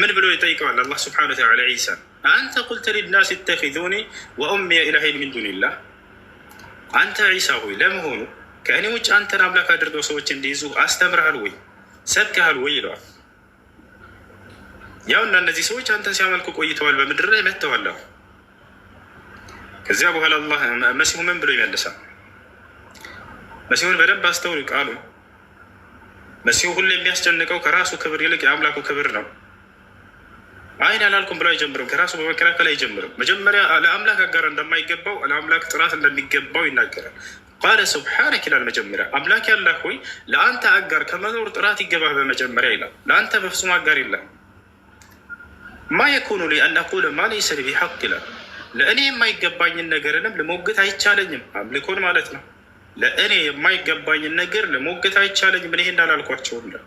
ምን ብሎ ይጠይቀዋል? አላህ ስብሐነ ወተዓላ ዒሳ አንተ ቁልተ ሊናስ ተኪዙኒ ወኡሚየ ኢላሂን ሚን ዱኒላህ፣ አንተ ዒሳ ሆይ ለመሆኑ ከእኔ ውጭ አንተን አምላክ አድርገው ሰዎች እንዲይዙ አስተምረሃል ወይ ሰብከሃል ወይ ይለዋል። ያውና እነዚህ ሰዎች አንተን ሲያመልኩ ቆይተዋል፣ በምድር ላይ መጥተዋል። ከዚያ በኋላ አላህ መሲሁ ምን ብሎ ይመልሳል? መሲሁን በደንብ አስተውል ቃሉ። መሲሁ ሁሉ የሚያስጨንቀው ከራሱ ክብር ይልቅ የአምላኩ ክብር ነው። አይን አላልኩም ብሎ አይጀምርም። ከራሱ በመከላከል አይጀምርም። መጀመሪያ ለአምላክ አጋር እንደማይገባው ለአምላክ ጥራት እንደሚገባው ይናገራል። ቃለ ስብሓነክ ይላል መጀመሪያ። አምላክ ያላህ ሆይ ለአንተ አጋር ከመኖር ጥራት ይገባህ በመጀመሪያ ይላል። ለአንተ በፍጹም አጋር የለም። ማ የኩኑ ሊ አንአቁለ ማ ለይሰ ሊ ቢሐቅ ይላል። ለእኔ የማይገባኝን ነገርንም ልሞግት አይቻለኝም። አምልኮን ማለት ነው። ለእኔ የማይገባኝን ነገር ልሞግት አይቻለኝም። እኔ እንዳላልኳቸውም ይላል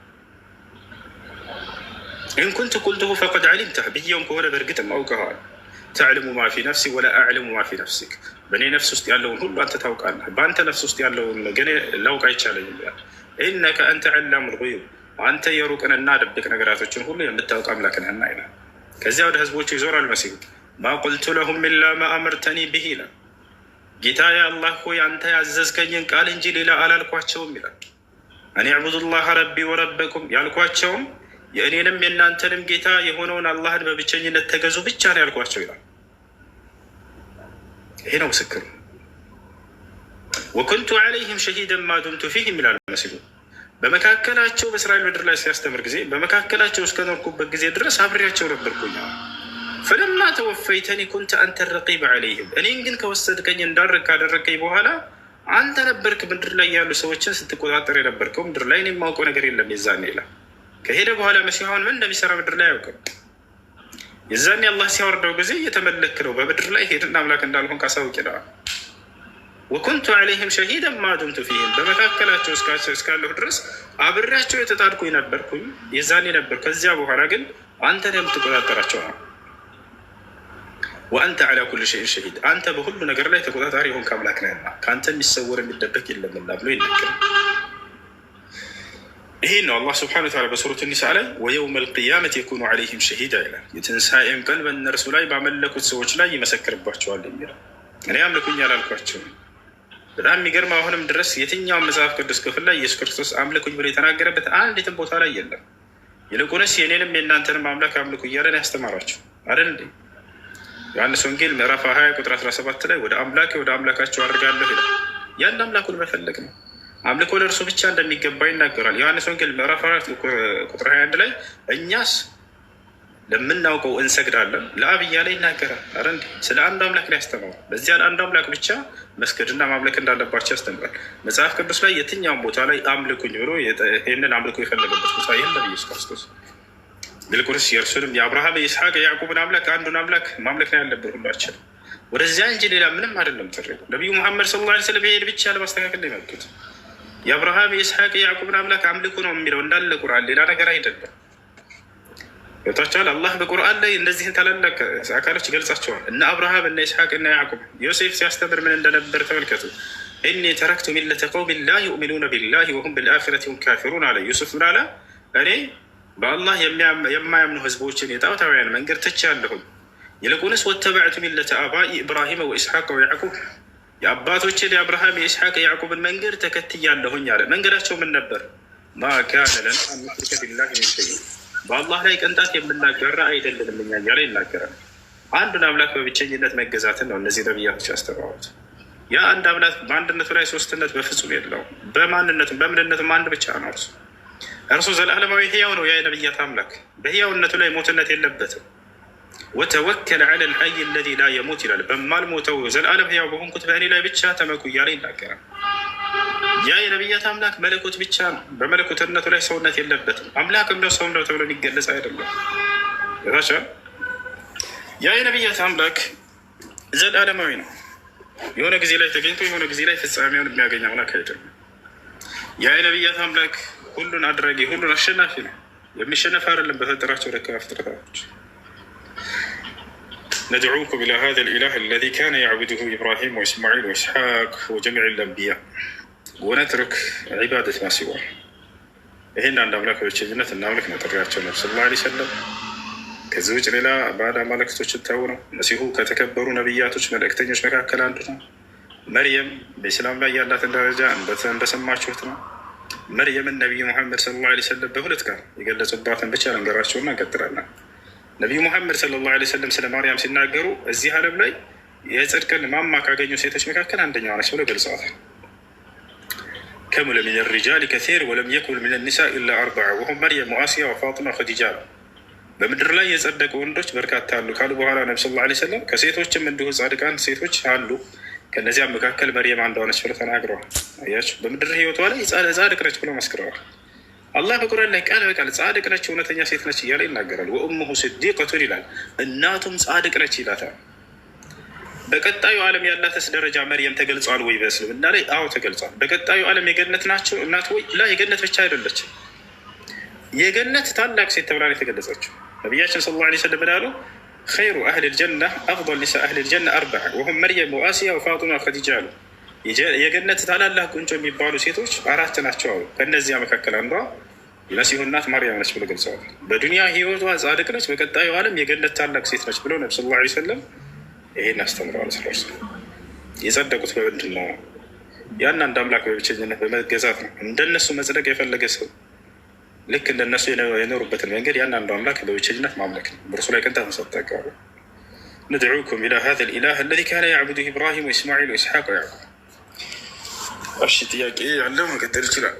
እንኩንት ቁልቱሁ ፈቀድ ዓሊምተህ ብየውም ከሆነ በእርግጥም አውቀኸዋል። ተዕልሙ ማፊ ነፍሲ ወላ አዕልሙ ማፊ ነፍሲክ፣ በእኔ ነፍስ ውስጥ ያለውን ሁሉ አንተ ታውቃለህ፣ በአንተ ነፍስ ውስጥ ያለውን ግን ላውቅ አይቻለኝም ይላል። ኢነከ አንተ ዓላሙ ልጉዩብ፣ አንተ የሩቅንና ድብቅ ነገራቶችን ሁሉ የምታውቅ አምላክ ነህና ይላል። ከዚያ ወደ ህዝቦቹ ይዞራል መሲሁ ማ ቁልቱ ለሁም ኢላ ማ አመርተኒ ብሂ ይላል። ጌታ አላህ ሆይ አንተ ያዘዝከኝን ቃል እንጂ ሌላ አላልኳቸውም ይላል። አን ዕቡዱላህ ረቢ ወረበኩም ያልኳቸውም የእኔንም የእናንተንም ጌታ የሆነውን አላህን በብቸኝነት ተገዙ ብቻ ነው ያልኳቸው ይላል። ይሄ ነው ምስክር። ወኩንቱ አለይህም ሸሂደን ማዱምቱ ፊህም ይላል መሲሉ። በመካከላቸው በእስራኤል ምድር ላይ ሲያስተምር ጊዜ በመካከላቸው እስከኖርኩበት ጊዜ ድረስ አብሬያቸው ነበርኩኝ። ፈለማ ተወፈይተኒ ኩንተ አንተ ረቂብ አለይህም። እኔን ግን ከወሰድከኝ እንዳረግ ካደረከኝ በኋላ አንተ ነበርክ ምድር ላይ ያሉ ሰዎችን ስትቆጣጠር የነበርከው። ምድር ላይ እኔ የማውቀው ነገር የለም የዛኔ ይላል ከሄደ በኋላ መሲህ አሁን ምን እንደሚሰራ ምድር ላይ አያውቅም። የዛን አላህ ሲያወርደው ጊዜ እየተመለክ ነው በምድር ላይ ሄድና አምላክ እንዳልሆን ካሳውቅ ይለዋል። ወኩንቱ ዓለይህም ሸሂደን ማዱምቱ ፊህም በመካከላቸው እስካለሁ ድረስ አብሬያቸው የተጣድኩኝ ነበርኩኝ፣ የዛኔ ነበር። ከዚያ በኋላ ግን አንተ የምትቆጣጠራቸው ነው። ወአንተ ዓላ ኩል ሸይን ሸሂድ፣ አንተ በሁሉ ነገር ላይ ተቆጣጣሪ የሆንክ አምላክ ነህና ከአንተ የሚሰወር የሚደበቅ የለምና ብሎ ይነገራል። ይሄ ነው አላህ ስብሐነሁ ወተዓላ በሱረት ኒሳ ላይ ወየውመ ልቅያመት የኩኑ ዓለይህም ሸሂዳ ይላል። የትንሣኤም ቀን በእነርሱ ላይ ባመለኩት ሰዎች ላይ ይመሰክርባቸዋል የሚለው እኔ አምልኩኝ አላልኳቸው። በጣም የሚገርም አሁንም ድረስ የትኛውን መጽሐፍ ቅዱስ ክፍል ላይ ኢየሱስ ክርስቶስ አምልኩኝ ብሎ የተናገረበት አንዲትም ቦታ ላይ የለም። ይልቁንስ የእኔንም የእናንተንም አምላክ አምልኩ እያለን ያስተማራቸው አይደል እንዴ? ዮሐንስ ወንጌል ምዕራፍ 20 ቁጥር 17 ላይ ወደ አምላክ ወደ አምላካቸው አድርጋለሁ ይላል። ያን አምላኩን መፈለግ ነው። አምልኮ ለእርሱ ብቻ እንደሚገባ ይናገራል። ዮሐንስ ወንጌል ምዕራፍ አራት ቁጥር ሀያ አንድ ላይ እኛስ ለምናውቀው እንሰግዳለን ለአብ እያለ ይናገራል። አረ እንዲ ስለ አንዱ አምላክ ላይ ያስተምራል። በዚያ ለአንድ አምላክ ብቻ መስገድና ማምለክ እንዳለባቸው ያስተምራል። መጽሐፍ ቅዱስ ላይ የትኛውም ቦታ ላይ አምልኩኝ ብሎ ይህንን አምልኮ የፈለገበት ቦታ ይህን ኢየሱስ ክርስቶስ ግልቁርስ የእርሱንም የአብርሃም የይስሐቅ የያዕቁብን አምላክ አንዱን አምላክ ማምለክ ነው ያለብን ሁላችን ወደዚያ እንጂ ሌላ ምንም አይደለም። ጥሪ ነቢዩ መሐመድ ስለ ላ ስለም ይሄን ብቻ ለማስተካከል ነው የመጡት። የአብርሃም የኢስሐቅ የያዕቁብን አምላክ አምልኩ ነው የሚለው እንዳለ ቁርአን፣ ሌላ ነገር አይደለም። ገብታችኋል? አላህ በቁርአን ላይ እነዚህን ታላላቅ አካሎች ይገልጻቸዋል። እነ አብርሃም እነ ኢስሐቅ እና ያዕቁብ ዮሴፍ ሲያስተምር ምን እንደነበር ተመልከቱ። እኒ ተረክቱ ሚለተ ቀውሚን ላ ዩእሚኑነ ቢላሂ ወሁም ቢልአኺረት ሁም ካፊሩን አለ ዩሱፍ ምናለ እኔ በአላህ የማያምኑ ህዝቦችን የጣዖታውያን መንገድ ትቻለሁኝ። ይልቁንስ ወተባዕቱ ሚለተ አባኢ ኢብራሂመ ወኢስሐቅ ወያዕቁብ የአባቶችን የአብርሃም የኢስሐቅ የያዕቆብን መንገድ ተከትያለሁኝ አለ። መንገዳቸው ምን ነበር? ማ ለና በአላህ ላይ ቅንጣት የምናጋራ አይደለንም እኛ እያለ ይናገራል። አንዱን አምላክ በብቸኝነት መገዛትን ነው እነዚህ ነቢያቶች ያስተማሩት። ያ አንድ አምላክ በአንድነቱ ላይ ሶስትነት በፍጹም የለውም። በማንነቱም በምንነቱም አንድ ብቻ ነው። እርሱ እርሱ ዘላለማዊ ህያው ነው። ያ አምላክ በህያውነቱ ላይ ሞትነት የለበትም። ወተወከል ዐለ ልሐይ አለዚ ላ የሙት ይላል። በማልሞተው ዘላለም ሕያው በሆንኩት በእኔ ላይ ብቻ ተመኩ እያለ ይናገራል። ያ የነቢያት አምላክ መለኮት ብቻ ነው። በመለኮትነቱ ላይ ሰውነት የለበትም። አምላክም ነው ሰውም ነው ተብሎ የሚገለጽ አይደለም። ያ የነቢያት አምላክ ዘላለማዊ ነው። የሆነ ጊዜ ላይ ተገኝቶ የሆነ ጊዜ ላይ ፍጻሜውን የሚያገኝ አምላክ አይደለም። ያ የነቢያት አምላክ ሁሉን አድራጊ፣ ሁሉን አሸናፊ ነው። የሚሸነፍ አይደለም በፈጠራቸው ደካማ ፍጥረታዎች ندعوكم إلى هذا الإله الذي كان يعبده إبراهيم وإسماعيل وإسحاق وجميع الأنبياء ወነትርክ ዒባደት ማሲዋ ይህን አንድ አምላክ ብቸኝነት እናምልክ ነው ጥሪያቸው ነብ ስለ ላ ሰለም። ከዚህ ውጭ ሌላ ባዕድ አማልክቶች ታው ነው። መሲሁ ከተከበሩ ነቢያቶች መልእክተኞች መካከል አንዱ ነው። መርየም በኢስላም ላይ ያላትን ደረጃ እንደሰማችሁት ነው። መርየምን ነቢይ ሙሐመድ ስለ ላ ሰለም በሁለት ጋር የገለጹባትን ብቻ ልንገራቸውና እንቀጥላለን። ነቢዩ ሙሐመድ ሰለላሁ ዓለይሂ ወሰለም ስለ ማርያም ሲናገሩ እዚህ ዓለም ላይ የጽድቅን ማማ ካገኙ ሴቶች መካከል አንደኛዋ ነች ብለው ገልጸዋታል። ከሙለ ሚን ሪጃል ከር ወለም የኩል ሚን ኒሳ ኢላ አርበዓ ወሁም መርየም ወአሲያ ወፋጢማ ወኸዲጃ ነው። በምድር ላይ የጸደቁ ወንዶች በርካታ አሉ ካሉ በኋላ ነቢ ስ ላ ወሰለም ከሴቶችም እንዲሁ ጻድቃን ሴቶች አሉ ከእነዚያም መካከል መርየም አንዷ ነች ብለው ተናግረዋል። አያችሁ በምድር ህይወቷ ላይ ጻድቅ ነች ብለው መስክረዋል። አላህ በቁርአን ላይ ቃል በቃል ጻድቅ ነች እውነተኛ ሴት ነች እያለ ይናገራል። ወእሙሁ ስዲቀቱን ይላል፣ እናቱም ጻድቅ ነች ይላታል። በቀጣዩ ዓለም ያላትስ ደረጃ መርየም ተገልጿል ወይ? በእስልምና ላይ አዎ ተገልጿል። በቀጣዩ ዓለም የገነት ናቸው እናት ወይ? ላ የገነት ብቻ አይደለችም፣ የገነት ታላቅ ሴት ተብላ የተገለጸችው ነቢያችን ስለ ላ ስለም ምን ኸይሩ አህል ልጀና አፍል ኒሳ አህል ልጀና አርባ ወሁም መርየም ወአሲያ ወፋጡማ ከዲጃ አሉ የገነት ታላላቅ ቁንጮ የሚባሉ ሴቶች አራት ናቸው አሉ። ከእነዚያ መካከል አንዷ የመሲሁ እናት ማርያም ነች ብሎ ገልጸዋል። በዱኒያ ህይወቷ ጻድቅ ነች፣ በቀጣዩ ዓለም የገነት ታላቅ ሴት ነች ብሎ ነብ ስለ ላ ሰለም ይህን አስተምረዋል። ስለ የጸደቁት በምንድን ነው? ያን አንድ አምላክ በብቸኝነት በመገዛት ነው። እንደነሱ መጽደቅ የፈለገ ሰው ልክ እንደነሱ የኖሩበትን መንገድ ያን አንዱ አምላክ በብቸኝነት ማምለክ ነው። በእርሱ ላይ ቅንጣት ሰጠቀዋል። ندعوكم إلى هذا الإله الذي كان يعبده إبراهيم وإسماعيل وإسحاق ويعقوب እሺ ጥያቄ ያለው መቀጠል ይችላል።